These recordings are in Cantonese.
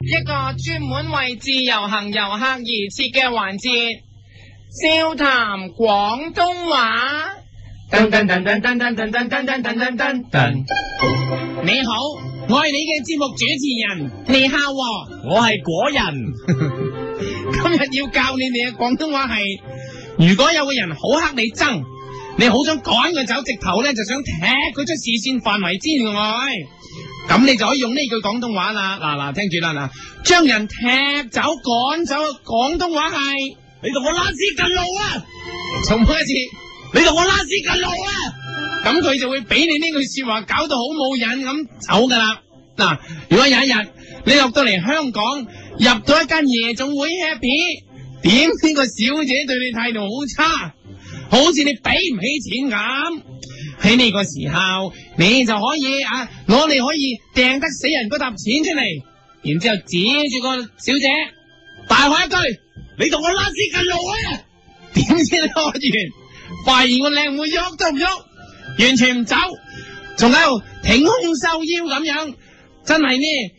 一個專門為自由行遊客而設嘅環節，笑談廣東話。噔噔噔噔噔噔噔噔噔噔噔噔噔。你好，我係你嘅節目主持人，你係我係果人。今日要教你哋嘅廣東話係，如果有個人好黑你憎，你好想趕佢走直頭咧，就想踢佢出視線範圍之外。咁你就可以用呢句廣東話啦，嗱嗱聽住啦嗱，將人踢走趕走，廣東話係你同我躝屍趷路啊！重複一次，你同我躝屍趷路啊！咁佢就會俾你呢句說話搞到好冇癮咁走噶啦。嗱，如果有一日你落到嚟香港，入到一間夜總會 happy，點知個小姐對你態度好差，好似你俾唔起錢咁。喺呢個時候，你就可以啊，我哋可以掟得死人嗰沓錢出嚟，然之後指住個小姐大喊一句：， 你同我拉屎近路啊！點知講完，發現個靚妹喐都唔喐，完全唔走，仲喺度挺胸瘦腰咁樣，真係呢，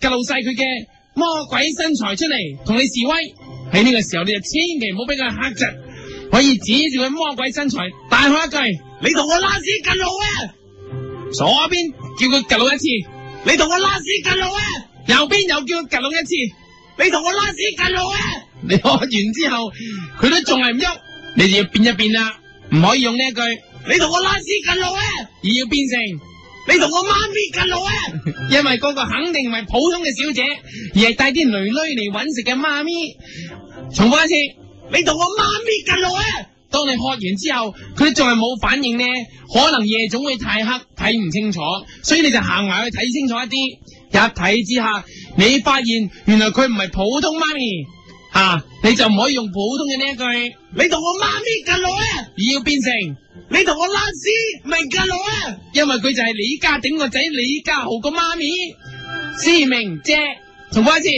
揭晒佢嘅魔鬼身材出嚟，同你示威。喺呢個時候，你就千祈唔好俾佢嚇窒，可以指住佢魔鬼身材，大喊一句。你同我拉屎近路啊！左邊叫佢近路一次，你同我拉屎近路啊！右邊又叫佢近路一次，你同我拉屎近路啊！你學完之後，佢都仲係唔喐，你就要變一變啦，唔可以用呢一句，你同我拉屎近路啊，而要變成你同我媽咪近路啊， 因為嗰個肯定唔係普通嘅小姐，而係帶啲女女嚟揾食嘅媽咪。重複一次，你同我媽咪近路啊！當你學完之後，佢仲係冇反應呢，可能夜總會太黑睇唔清楚，所以你就行埋去睇清楚一啲。一睇之下，你發現原來佢唔係普通媽咪啊，你就唔可以用普通嘅呢一句，你同我媽咪嘅女啊，而要變成你同我拉絲明嘅女啊，因為佢就係李家鼎個仔李家豪個媽咪，思明姐。重複一次，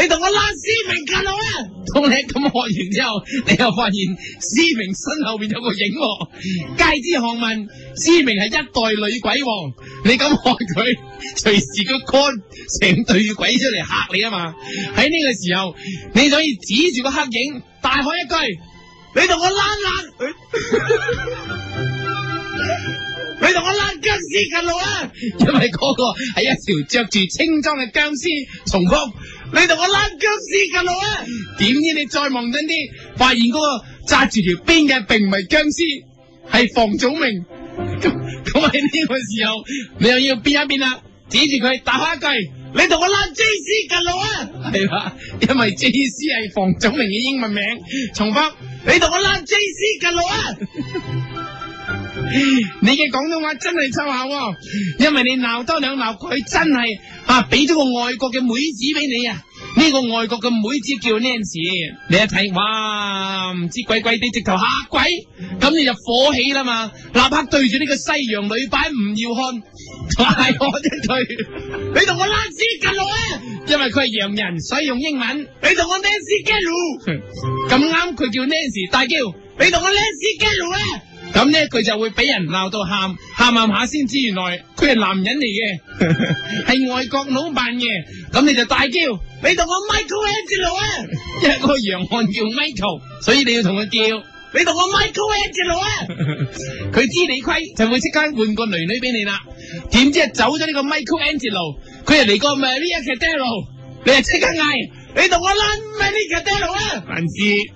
你同我拉思明近好啦。當你咁學完之後，你又發現思明身後邊有個影。街知巷聞，思明係一代女鬼王，你咁學佢，隨時個 c 成對鬼出嚟吓你啊嘛！喺呢個時候，你就可以指住個黑影，大喝一句：你同我拉爛佢！ 你同我拉僵屍近路啊！因為嗰個係一條着住青裝嘅僵屍。重複，你同我拉僵屍近路啊！點知你再望真啲，發現嗰個揸住條鞭嘅並唔係僵屍，係房祖名，咁咁喺呢個時候，你又要變一變啦，指住佢打花雞。你同我拉殭屍近路啊！係啦，因為殭屍係房祖名嘅英文名。重複，你同我拉殭屍近路啊！ 你嘅廣東話真係臭口，因為你鬧多兩鬧，佢真係啊俾咗個外國嘅妹子俾你啊！呢、這個外國嘅妹子叫 Nancy，你一睇哇，唔知鬼鬼地，直頭嚇鬼，咁你就火起啦嘛！立刻對住呢個西洋女擺吳耀漢，快我一退， 你同我拉屎 n c 啊！因為佢係洋人，所以用英文，你同我 Nancy Gal，咁啱佢 叫 Nancy，大叫你同我 Nancy Gal 啊！咁咧，佢就會俾人鬧到喊喊喊下先知，原來佢係男人嚟嘅，係 外國佬扮嘅。咁你就大叫， 你同我 Michael Angelo 啊，因為個洋漢叫 Michael，所以你要同佢叫、， 啊、叫，你同我 Michael Angelo 啊。佢知 你虧，就會即刻換個女女俾你啦。點知啊走咗呢個 Michael Angelo，佢係嚟過咪呢一隻 Dello，你啊即刻嗌，你同我 Lance Magic Dello 啊，粉絲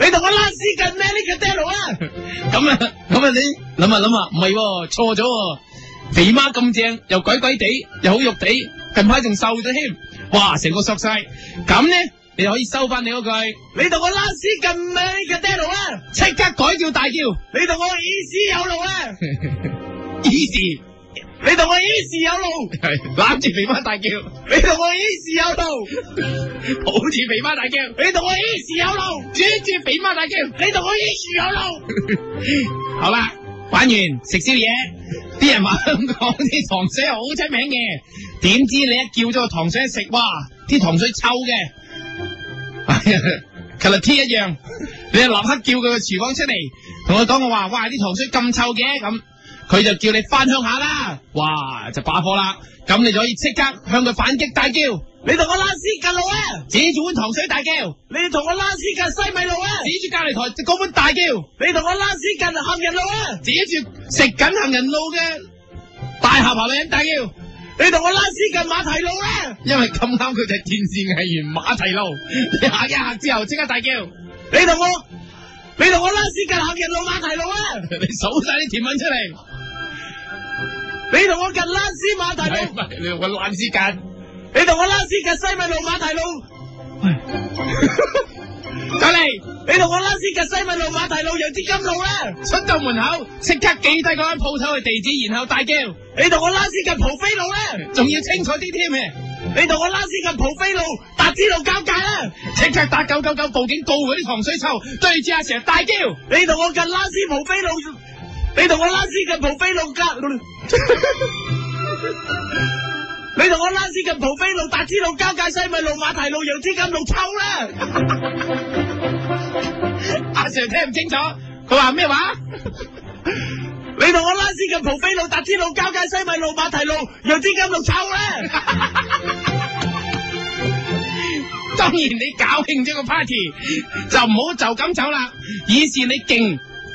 你同我 Lance 啊，咁啊。咁啊！你諗下諗下，唔係錯咗，肥媽咁正又鬼鬼地，又好肉地，近排仲瘦咗添，哇！成個削晒。咁咧你就可以收翻你嗰句，你同我拉絲咁靚嘅 dialog 啦，即刻改叫大叫，你同我 easy 有路啦 e Easy , a 你同我 easy 有路，係攬住肥媽大叫，你同我 easy 有路，好似 肥媽大叫，你同我 easy 有路，指住肥媽大叫，你同我 easy 有路。 好啦，玩完食宵夜，啲人話香港啲糖水好出名嘅，點知你一叫咗個糖水食，哇，啲糖水臭嘅，啊，其實天一樣，你就立刻叫佢個廚房出嚟，同佢講我話，哇，啲糖水咁臭嘅咁。佢就叫你返鄉下啦，哇就把火啦，咁你就可以即刻向佢反擊大叫，你同我拉斯近路啊！指住碗糖水大叫，你同我拉斯近西米路啊！指住隔籬台嗰本大叫，你同我拉斯近行人路啊！指住食緊行人路嘅大下巴女人大叫，你同我拉斯近馬蹄路啦、啊！因為咁啱佢隻電視藝員馬蹄路，你吓一吓之後即刻大叫，你同我， 我，你同我拉斯近行人路馬蹄路啦、啊！ 你數晒啲甜品出嚟。你同我近拉斯馬大路，唔係你同我拉斯近，你同我，你我拉斯近西米路馬大路，嚟唉， 來你同我拉斯近西米路馬大路有啲金路啦，出到門口即刻記低嗰間鋪頭嘅地址，然後大叫，你同我拉斯近蒲飛路啦，仲要清楚啲添嘅，你同我拉斯近蒲飛路達之路交界啦，即刻打九九九報警告佢啲糖水臭，對住阿成大叫，你同我近拉斯蒲飛路。你同我拉斯近蒲飛路交， 你同我拉斯近蒲飛路達之路交界西米路馬蹄路羊之金路臭啦！阿、 啊、Sir 聽唔清楚，佢話咩話？ 你同我拉斯近蒲飛路達之路交界西米路馬蹄路羊之金路臭啦！ 當然你搞興咗個 party 就唔好就咁走啦，以示你勁。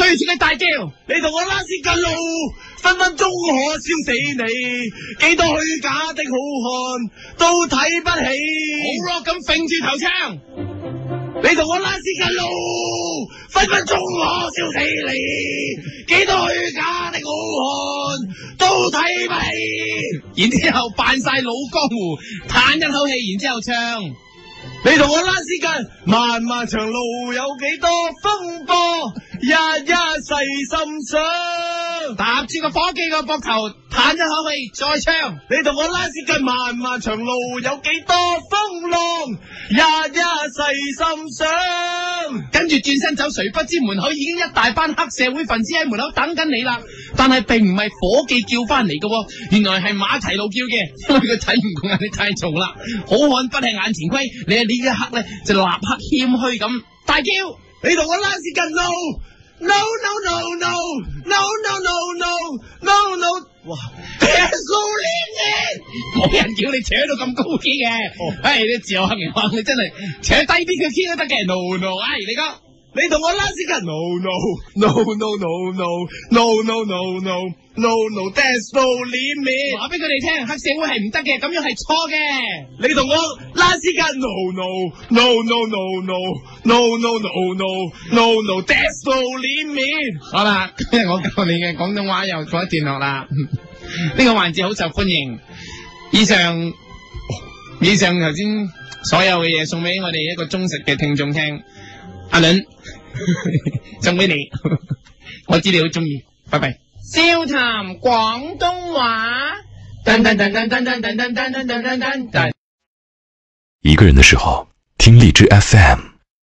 對住佢大叫，你同我拉屎近路，分分鐘可燒死你，幾多虛假的好漢都睇不起。好咯，咁揈住頭唱，你同我拉屎近路，分分鐘可燒死你，幾多虛假的好漢都睇不起。 然之後扮晒老江湖，嘆一口氣，然之後唱，你同我拉屎近，漫漫長路有幾多風波。日一細心想，踏住個火機個膊頭，嘆一口氣，再唱。你同我拉屎嘅漫漫長路，有幾多風浪？日一細心想，跟住轉身走，誰不知門口已經一大班黑社會分子喺門口等緊你啦。但係並唔係伙計叫翻嚟嘅，原來係馬蹄路叫嘅。 因為佢睇唔過眼，你太重啦，好漢不係眼前虧。你喺呢一刻咧，就立刻謙虛咁大叫。你同我拉屎近路？No！No！No！No！No！No！No！No！No！No！No！哇！太粗劣嘅，冇人叫你扯到咁高啲嘅。唉、哎、你自字黑肯話你真係扯低啲佢先都得嘅。No！No！No, 哎，你哥。你同我拉絲格？No no no no no no no no no no no no that's no 臉面。話俾佢哋聽，黑社會係唔得嘅，咁樣係錯嘅。你同我拉絲格？No no no no no no no no no no no that's no 臉面。好啦，今日我教你嘅廣東話又告一段落啦。呢個環節好受歡迎。以上以上頭先所有嘅嘢，送俾我哋一個忠實嘅聽眾聽。阿倫，送俾你，我知你好中意，拜拜。笑談廣東話。一個人嘅時候，聽荔枝 FM。